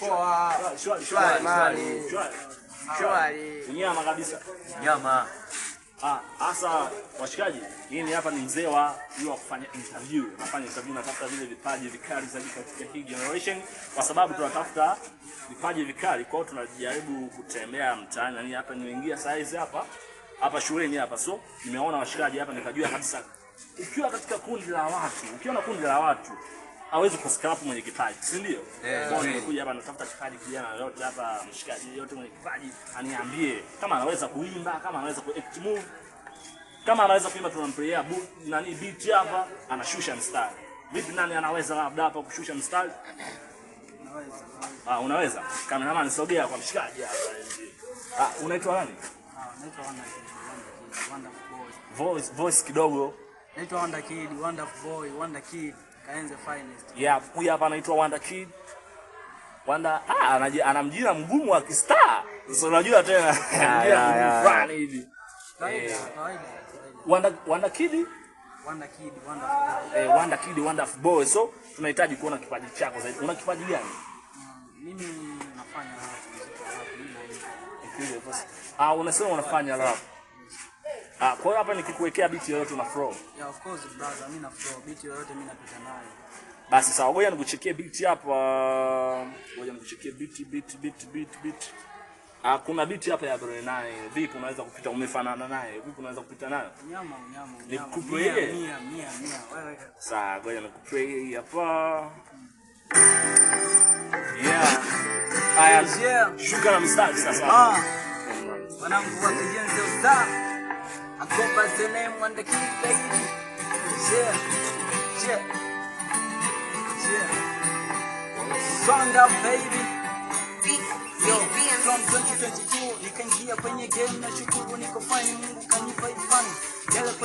poa, shwari mali, shwari, nyama kabisa, nyama. Ah, hasa washikaji, mimi hapa ni mzee wa wa kufanya interview. Nafanya interview natafuta vile vipaji vikali zaidi katika hii generation kwa sababu tunatafuta vipaji vikali. Kwa hiyo tunajaribu kutembea mtaani. Yaani hapa nimeingia size hapa hapa shuleni hapa. So nimeona washikaji hapa nikajua kabisa ukiwa katika kundi la watu, ukiwa na kundi la watu hawezi kufika hapo mwenye kipaji, si ndio? Eh. Nimekuja hapa natafuta kipaji, kijana yote hapa, mshikaji yote mwenye kipaji aniambie kama anaweza kuimba, kama anaweza ku act move, kama anaweza kuimba, tunampelea nani beat hapa, anashusha mstari. Vipi, nani anaweza labda hapa kushusha mstari? Unaweza. Ah, unaweza. Kameraman, sogea kwa mshikaji hapa. Ah, unaitwa nani? Ah, naitwa Wonderful Boy. Voice voice kidogo. Naitwa Wanda Kid, Wanda Boy, Wanda Kid. Kaenze huyu hapa anaitwa Wanda Kid. Wanda ah, ana mjina mgumu wa kistar. unajua tena. hivi. Eh. Wanda Wanda Kid Wanda Kid, Wanda Eh, Kid, Wanda Boy. So tunahitaji kuona kipaji chako zaidi. Una kipaji gani? Mm, mimi nafanya rap. Ah, unasema unafanya rap. Ah, kwa hiyo hapa nikikuwekea beat yoyote una flow? Yeah, of course brother, mimi na flow. Beat yoyote mimi napita nayo. Basi sawa, ngoja nikuchekie beat hapa. Ngoja nikuchekie beat beat beat beat beat. Ah, kuna beat hapa ya Bro naye. Vipi unaweza kupita umefanana naye? Vipi unaweza kupita nayo? Nyama, nyama. nyama. Nikupe yeye. Mia, mia, mia. Sawa, ngoja nikupe yeye hapa. Yeah. Aya, yeah. Shuka na mstari sasa. Ah. Wanangu wa Kijenzi Ustaa. I go by the name on the key, baby. Yeah, yeah, yeah. up, baby. Yo, from 2022 you can nikiingia kwenye game na shukuru niko fine, Mungu kanipa ifani